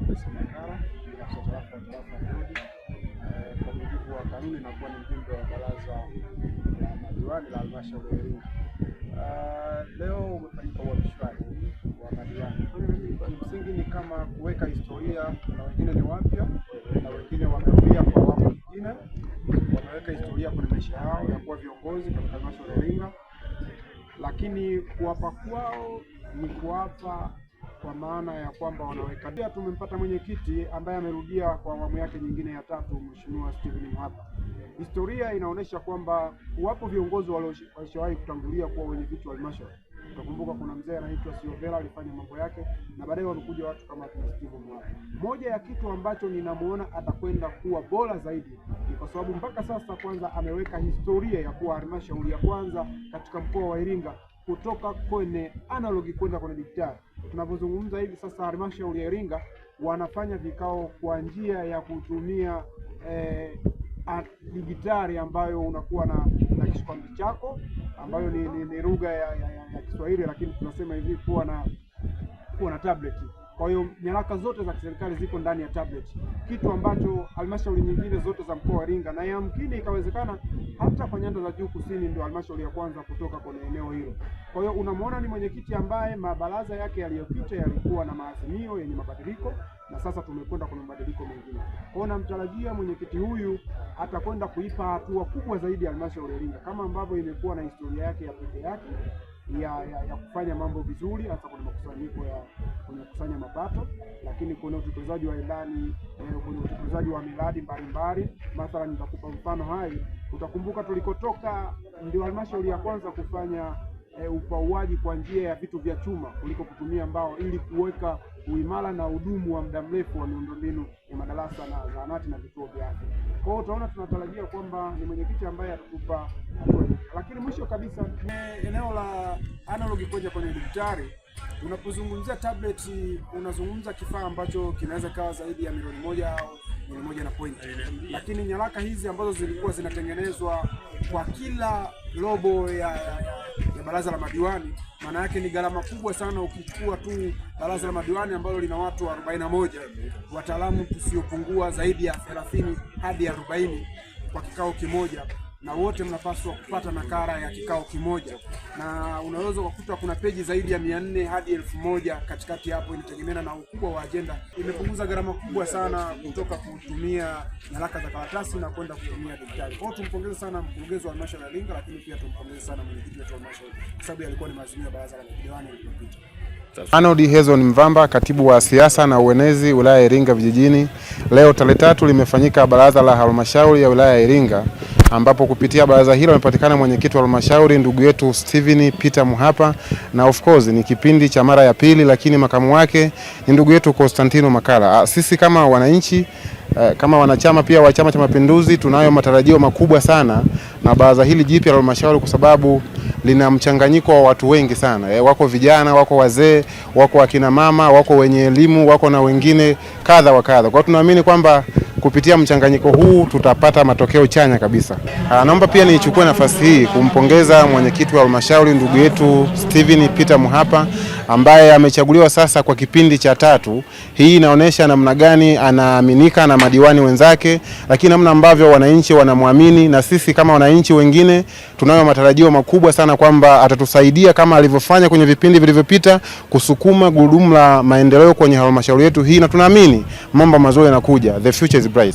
Msonekara Sotarafa Tarafa Mgodi kwa mujibu wa kanuni na ni mjumbe wa baraza la madiwani la halmashauri ya Iringa. Ah, leo umefanyika uapishwaji wa madiwani, kimsingi ni kama kuweka historia, na wengine ni wapya na wengine wamerudia kwa awamu nyingine, wameweka historia kwenye maisha yao ya kuwa viongozi katika halmashauri ya Iringa, lakini kuwapa kwao ni kuwapa kwa maana ya kwamba wanaweka. Pia tumempata mwenyekiti ambaye amerudia kwa awamu yake nyingine ya tatu, Mheshimiwa Steven Mwapa. Historia inaonyesha kwamba wapo viongozi walioshawahi kutangulia kuwa wenyeviti wa halmashauri. Utakumbuka kuna mzee anaitwa Siovela alifanya mambo yake, na baadaye walikuja watu kama kina Steve Mwapa. Moja ya kitu ambacho ninamuona atakwenda kuwa bora zaidi ni kwa sababu mpaka sasa, kwanza ameweka historia ya kuwa halmashauri ya kwanza katika mkoa wa Iringa kutoka kwenye analogi kwenda kwenye dijitali. Tunapozungumza hivi sasa, halmashauri ya Iringa wanafanya vikao kwa njia ya kutumia eh, dijitali ambayo unakuwa na, na kishikwambi chako ambayo ni, ni, ni lugha ya, ya, ya Kiswahili, lakini tunasema hivi kuwa na kuwa na tablet kwa hiyo nyaraka zote za kiserikali ziko ndani ya tablet, kitu ambacho halmashauri nyingine zote za mkoa wa Iringa na yamkini ikawezekana hata kwa nyanda za juu kusini ndio halmashauri ya kwanza kutoka kwenye eneo hilo. Kwa hiyo unamwona ni mwenyekiti ambaye mabaraza yake yaliyopita yalikuwa na maazimio yenye mabadiliko na sasa tumekwenda kwenye mabadiliko mengine. Kwa hiyo namtarajia mwenyekiti huyu atakwenda kuipa hatua kubwa zaidi halmashauri ya Iringa kama ambavyo imekuwa na historia yake ya pekee yake ya, ya, ya kufanya mambo vizuri hasa kwenye makusanyiko ya kwenye kukusanya mapato, lakini kwenye utekelezaji wa ilani eh, kwenye utekelezaji wa miradi mbalimbali. Mathalan, nitakupa mfano hai, utakumbuka tulikotoka ndio halmashauri ya kwanza kufanya eh, upauaji kwa njia ya vitu vya chuma kuliko kutumia mbao ili kuweka uimara na udumu wa muda mrefu wa miundombinu madarasa na zahanati na vituo vyake. Kwa hiyo utaona tunatarajia kwamba ni mwenyekiti ambaye atatupa hatua, lakini mwisho kabisa eneo la analog kuja kwenye digitali. Unapozungumzia tablet unazungumza kifaa ambacho kinaweza kawa zaidi ya milioni moja au milioni moja na point, lakini nyaraka hizi ambazo zilikuwa zinatengenezwa kwa kila robo ya, ya, ya baraza la madiwani, maana yake ni gharama kubwa sana. Ukichukua tu baraza la madiwani ambalo lina watu 41 wataalamu tusiopungua zaidi ya 30 hadi 40 kwa kikao kimoja na wote mnapaswa kupata nakala ya kikao kimoja, na unaweza ukakuta kuna peji zaidi ya mia nne hadi elfu moja katikati hapo, inategemeana na ukubwa wa ajenda. Imepunguza gharama kubwa sana kutoka kutumia nyaraka za karatasi na kwenda kutumia digitali. Kwa hiyo tumpongeze sana mkurugenzi wa halmashauri ya Iringa, lakini pia tumpongeze sana mwenyekiti wetu wa halmashauri kwa sababu yalikuwa ni maazimio ya baraza la madiwani yaliyopita. Arnold Hezron Mvamba, katibu wa siasa na uenezi wilaya ya Iringa vijijini. Leo tarehe tatu limefanyika baraza la halmashauri ya wilaya ya Iringa ambapo kupitia baraza hilo amepatikana mwenyekiti wa halmashauri ndugu yetu Steven Peter Muhapa, na of course ni kipindi cha mara ya pili, lakini makamu wake ni ndugu yetu Constantino Makala. Ah, sisi kama wananchi eh, kama wanachama pia wa Chama cha Mapinduzi tunayo matarajio makubwa sana na baraza hili jipya la halmashauri, kwa sababu lina mchanganyiko wa watu wengi sana e, wako vijana, wako wazee, wako akina mama, wako wenye elimu, wako na wengine kadha wa kadha. Kwa hiyo tunaamini kwamba kupitia mchanganyiko huu tutapata matokeo chanya kabisa. Ah, naomba pia nichukue nafasi hii kumpongeza mwenyekiti wa halmashauri ndugu yetu Steven Peter Muhapa ambaye amechaguliwa sasa kwa kipindi cha tatu. Hii inaonyesha namna gani anaaminika na madiwani wenzake, lakini namna ambavyo wananchi wanamwamini, na sisi kama wananchi wengine tunayo matarajio makubwa sana kwamba atatusaidia kama alivyofanya kwenye vipindi vilivyopita kusukuma gurudumu la maendeleo kwenye halmashauri yetu hii, na tunaamini mambo mazuri yanakuja. The future is bright.